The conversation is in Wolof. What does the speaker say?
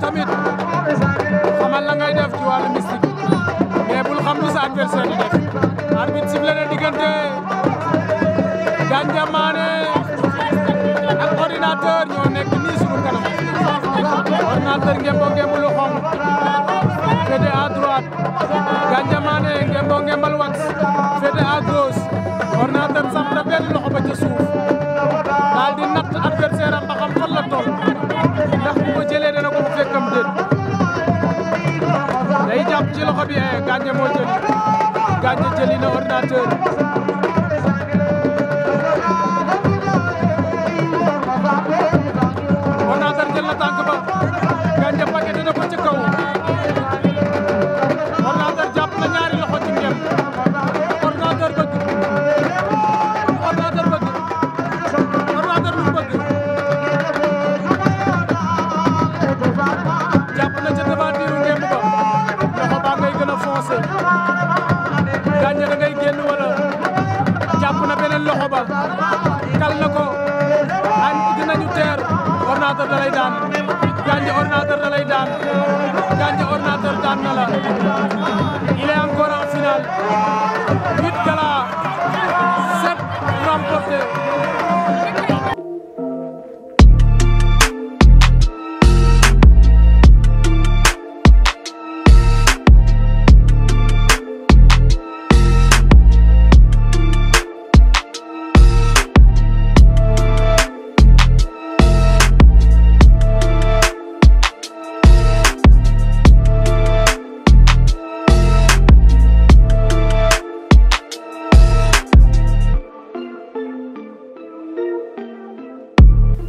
tamit xamal la ngay def ci wàllu mystique mais bul xam li sa adversaire def arbitre sifflé diggante Gandia Mané ak ordinateur ñoo nekk nii suñu kanam ordinateur ngeen boog ngeen ci loxo bi eh, gaañ moo jël gaañ jëli na ordinateur an dinañu teer ordinateur da daan Gandia ordinateur da daan Gandia ordinateur daan na la il est encore en